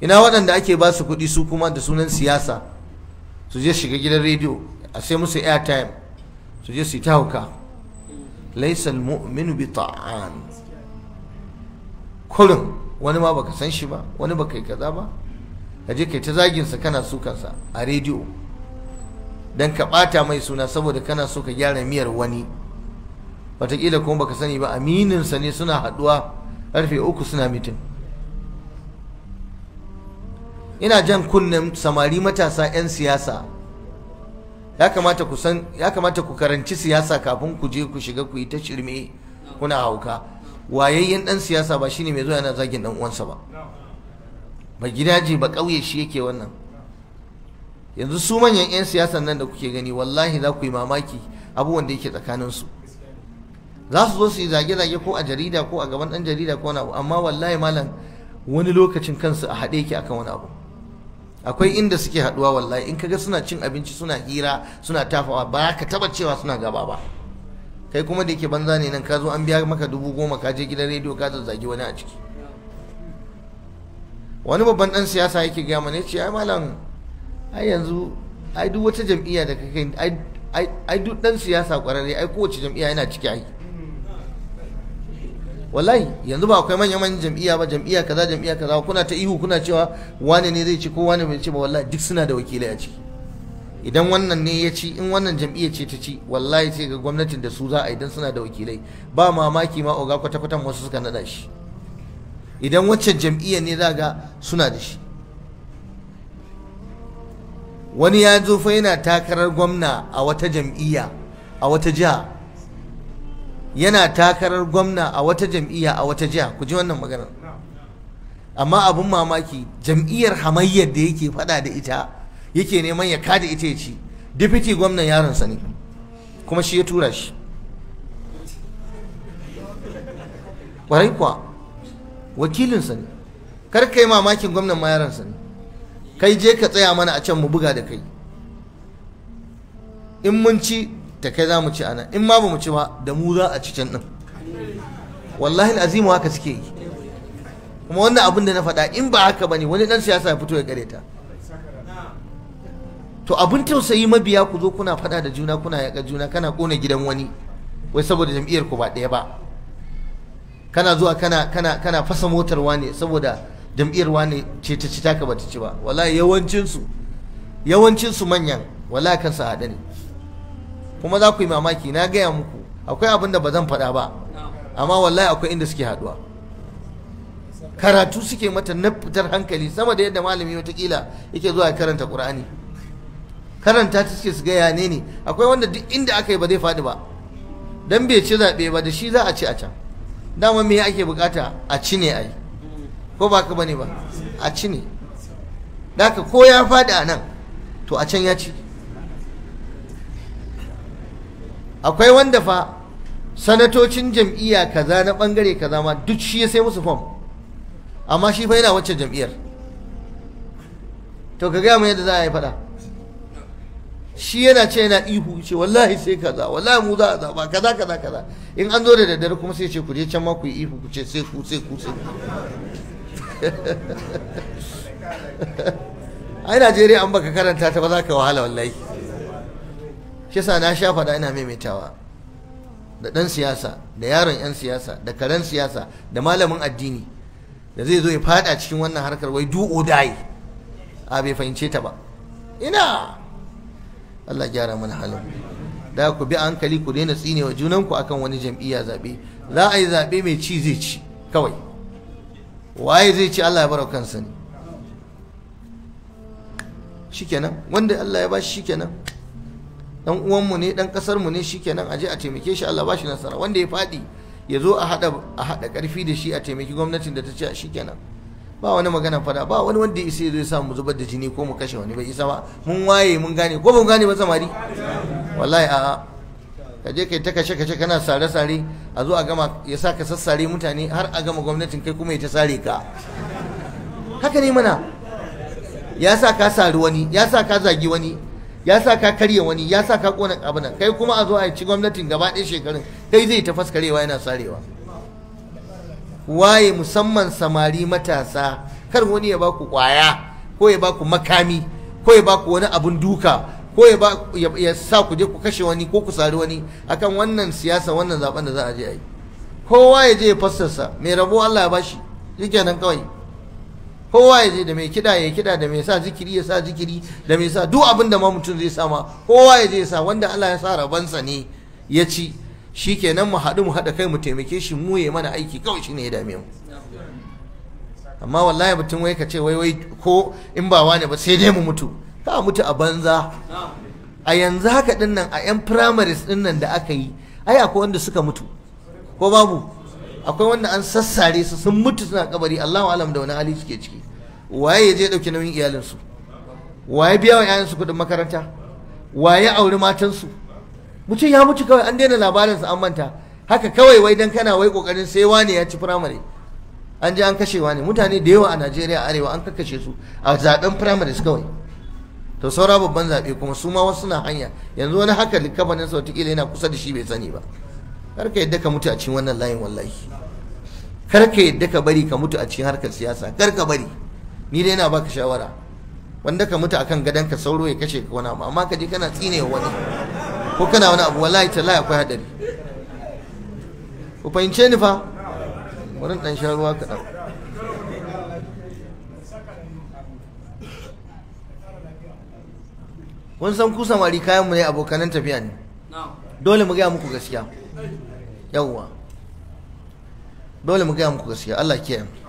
ina waɗanda ake ba su kuɗi su kuma da sunan siyasa su je shiga gidan rediyo a sai musu airtime su je su yi tahuka hauka laisal mu'minu bi ta'an kurin wani ma baka san shi ba wani baka yi kaza ba ka je kai ta zaginsa kana sa a rediyo dan ka ɓata mai suna saboda kana so ka gyara miyar wani wataƙila kuma baka sani ba aminin sa ne suna haɗuwa karfe uku suna mitin ina jan kunnen samari matasa 'yan siyasa ya kamata ku karanci siyasa kafin ku je ku shiga ku yi ta shirme kuna hauka wayayyen dan siyasa ba shine mai zuwa yana zagin dan uwansa ba ba gidaje ba ƙauye shi yake wannan yanzu su manyan 'yan siyasa nan da kuke gani wallahi za ku yi mamaki abubuwan da yake tsakaninsu za su zo su yi zage-zage ko a jarida ko a gaban dan jarida ko wani abu amma wallahi malam wani lokacin kansu a haɗe yake akan wani abu akwai inda suke haduwa wallahi in kaga suna cin abinci suna hira suna tafawa ba ka taba cewa suna gaba ba kai kuma da yake banza ne nan ka zo an biya maka dubu goma ka je gidan rediyo ka zazzagi wani a ciki wani babban dan siyasa yake gaya mana yace ai malam ai yanzu ai duk wata jam'iyya da kai ai ai duk dan siyasa kwararre ai kowace jam'iyya yana ciki ai wallahi yanzu ba akwai manyan manyan jam'iyya ba jam'iyya kaza jam'iyya kaza kuna ta ihu kuna cewa wane ne zai ci ko wane bai ci ba wallahi duk suna da wakilai a ciki idan wannan ne ya ci in wannan jam'iyyar ce ta ci wallahi sai ga gwamnatin da su za a idan suna da wakilai ba mamaki ma oga kwata kwatan wasu suka nada shi idan wacce jam'iyyar ne za ga suna da shi wani ya zo fa yana takarar gwamna a wata jam'iyya a wata jiha yana takarar gwamna a wata jam'iyya a wata jiha ku ji wannan maganar amma abin mamaki jam'iyyar hamayyar da yake fada da ita yake neman ya kada ita ya ci dipiti gwamnan yaronsa ne kuma shi ya tura shi kwarai kuwa wakilinsa ne kar kai mamakin gwamnan ma yaronsa ne kai je ka tsaya mana a can mu buga da kai in mun ci ta kai za mu ci ana in ma ba mu ci ba da mu za a ci can din wallahi azimu haka suke yi kuma wannan abin da na faɗa in ba haka bane wani dan siyasa ya fito ya kare ta to abin tausayi mabiya ku zo kuna faɗa da juna kuna yaƙa juna kana ƙona gidan wani wai saboda jam'iyyar ku ba ɗaya ba kana zuwa kana kana kana fasa motar wani saboda jam'iyyar wani ce ta ci taka bata ci ba wallahi yawancin su yawancin su manyan wallahi kansa kuma za ku yi mamaki na gaya muku akwai abin da ba zan faɗa ba amma wallahi akwai inda suke haɗuwa karatu suke mata na fitar hankali sama da yadda malami watakila yake zuwa karanta ƙur'ani karanta ta suke su gaya ne ne akwai wanda duk inda aka yi ba zai faɗi ba dan bai ci zaɓe ba da shi za a ci a can dama me ake bukata a ci ne a yi ko ba ka bane ba a ci ne da ko ya faɗi a nan to a can ya ci akwai wanda fa sanatocin jam'iyya kaza na bangare kaza ma duk shi ya sai musu fom amma shi fa yana wacce jam'iyyar to ka gaya mu yadda za a yi faɗa shi yana ce yana ihu ce wallahi sai kaza wallahi mu za a zaba kaza kaza kaza in an zo da daddare kuma sai ce ku je can ma ku yi ihu ku ce sai ku sai ku sai ku ai Najeriya an baka karanta ta ba za ka wahala wallahi kisa na sha faɗa ina maimaitawa da ɗan siyasa da yaron 'yan siyasa da karen siyasa da malamin addini da zai zo ya fada cikin wannan harkar wai du'o or a bai fahimce ta ba ina Allah gyara mana halin da ku bi hankali ku daina tsine wa junanku akan wani jam'iyya zaɓe za a yi zaɓe mai ci zai ci kawai waye zai ci Allah ya bar kansa ne shikenan wanda Allah ya ba shi shikenan dan uwanmu ne dan kasar mu ne shikenan aje a taimake shi Allah bashi nasara wanda ya fadi ya zo a hada a hada karfi da shi a taimaki gwamnatin da ta ce shikenan ba wani magana fada ba wani wanda isa ya zo ya sa mu zubar da jini ko mu kashe wani ba isa ba mun waye mun gane ko mun gane ba samari wallahi a'a ka je kai ta kashe kashe kana sare sare a zo a gama ya sa ka sassare mutane har a gama gwamnatin kai kuma ya ta sare ka haka ne mana ya sa ka sari wani ya sa ka zagi wani ya sa ka karya wani ya sa ka kona abin nan kai kuma a zo a ci gwamnatin gaba ɗaya shekarun kai zai ta faskarewa yana sarewa waye musamman samari matasa kar wani ya ba ku kwaya ko ya ba ku makami ko ya ba ku wani abun duka ko ya ba ya sa ku je ku kashe wani ko ku sari wani akan wannan siyasa wannan zaben da za a je a yi kowa ya je ya fassarsa mai rabo Allah ya bashi shikenan kawai kowa ya je da mai kiɗa ya kiɗa da mai sa zikiri ya sa zikiri da mai sa duk abin da ma mutum zai sama ma kowa ya je sa wanda Allah ya sa sa ne ya ci shi kenan mu haɗu mu haɗa kai mu taimake shi mu ya mana aiki kawai shi ne ya dame mu amma wallahi mutum wai ka ce wai wai ko in ba wani ba sai dai mu mutu ka mutu a banza a yanzu haka dinnan a yan primaries dinnan da aka yi ai akwai wanda suka mutu ko babu akwai wanda an sassare su sun mutu suna kabari Allahu alam da wani hali suke ciki waye ya je dauki nauyin iyalin su waye biya wa yayansu kudin makaranta waye auri matansu mutum ya mutu kawai an daina labarin su an manta haka kawai wai dan kana wai kokarin sai wane ya ci firamare an je an kashe wani mutane da yawa a Najeriya arewa an kakkashe su a zaben firamare kawai to saura babban zabe kuma su ma wasu na hanya yanzu wani haka likabanin sautikila yana kusa da shi bai sani ba kar ka yadda ka mutu a cikin wannan layin wallahi kar ka yadda ka bari ka mutu a cikin harkar siyasa kar ka bari ni dai na baka shawara wanda ka mutu akan gadon ka sauro ya kashe ka wani abu amma ka je kana tsine wani ko kana wani abu wallahi tallahi akwai hadari ku fahimce ni fa Wurin dan sha ruwa kaɗan kun san ku samari kayan mu ne abokanan tafiya ne dole mu gaya muku gaskiya yawwa dole mu gaya muku gaskiya Allah ke